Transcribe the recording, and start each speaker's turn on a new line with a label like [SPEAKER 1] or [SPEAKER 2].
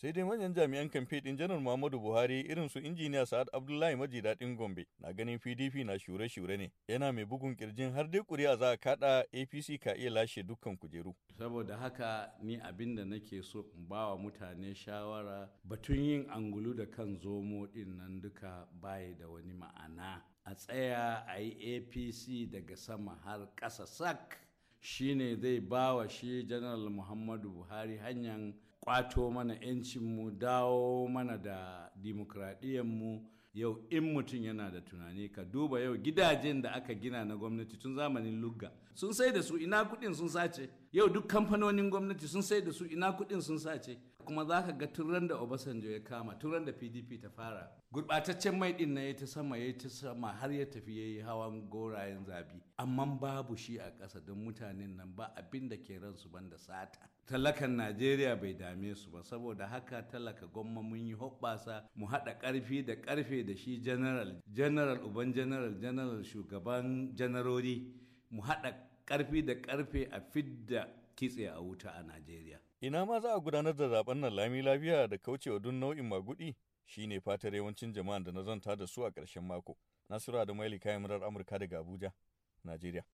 [SPEAKER 1] sai dai manyan jami'an kamfe ɗin janar muhammadu buhari irin su injiniya sa'ad abdullahi maji daɗin gombe na ganin pdp na shure-shure ne yana mai bugun kirjin har dai kuri'a za a kaɗa apc ka iya lashe dukkan kujeru saboda haka ni abin da nake so in ba wa mutane
[SPEAKER 2] shawara batun yin angulu da kan zomo ɗin nan duka baya da wani
[SPEAKER 3] ma'ana
[SPEAKER 2] a tsaya a yi apc daga sama har ƙasa sak shi ne zai ba wa shi janar muhammadu buhari hanyar kwato mana 'yancinmu dawo mana da dimokuraɗiyyarmu yau in mutum yana da tunani ka duba yau gidajen da aka gina na gwamnati tun zamanin lugga sun sai da su ina kudin sun sace yau duk kamfanonin gwamnati sun sai da su ina kudin sun sace kuma za ka ga turan da obasanjo ya kama turan da pdp ta fara gurbataccen mai din na ya ta sama ya ta sama har ya tafi ya yi hawan gorayen zabi amma babu shi a ƙasa don mutanen nan ba abin da ke ransu banda sata talakan najeriya bai dame su ba saboda haka talaka gwamma mun yi hoɓɓasa mu haɗa ƙarfi da ƙarfe da shi general general uban general general shugaban janarori mu haɗa ƙarfi da
[SPEAKER 1] ƙarfe a fidda kitse a wuta a najeriya ina ma za a gudanar da zaben nan lami lafiya da kaucewa duk nau'in magudi shine fatar yawancin jama'an da na zanta da su a ƙarshen mako nasura da maili kayan murar amurka daga abuja najeriya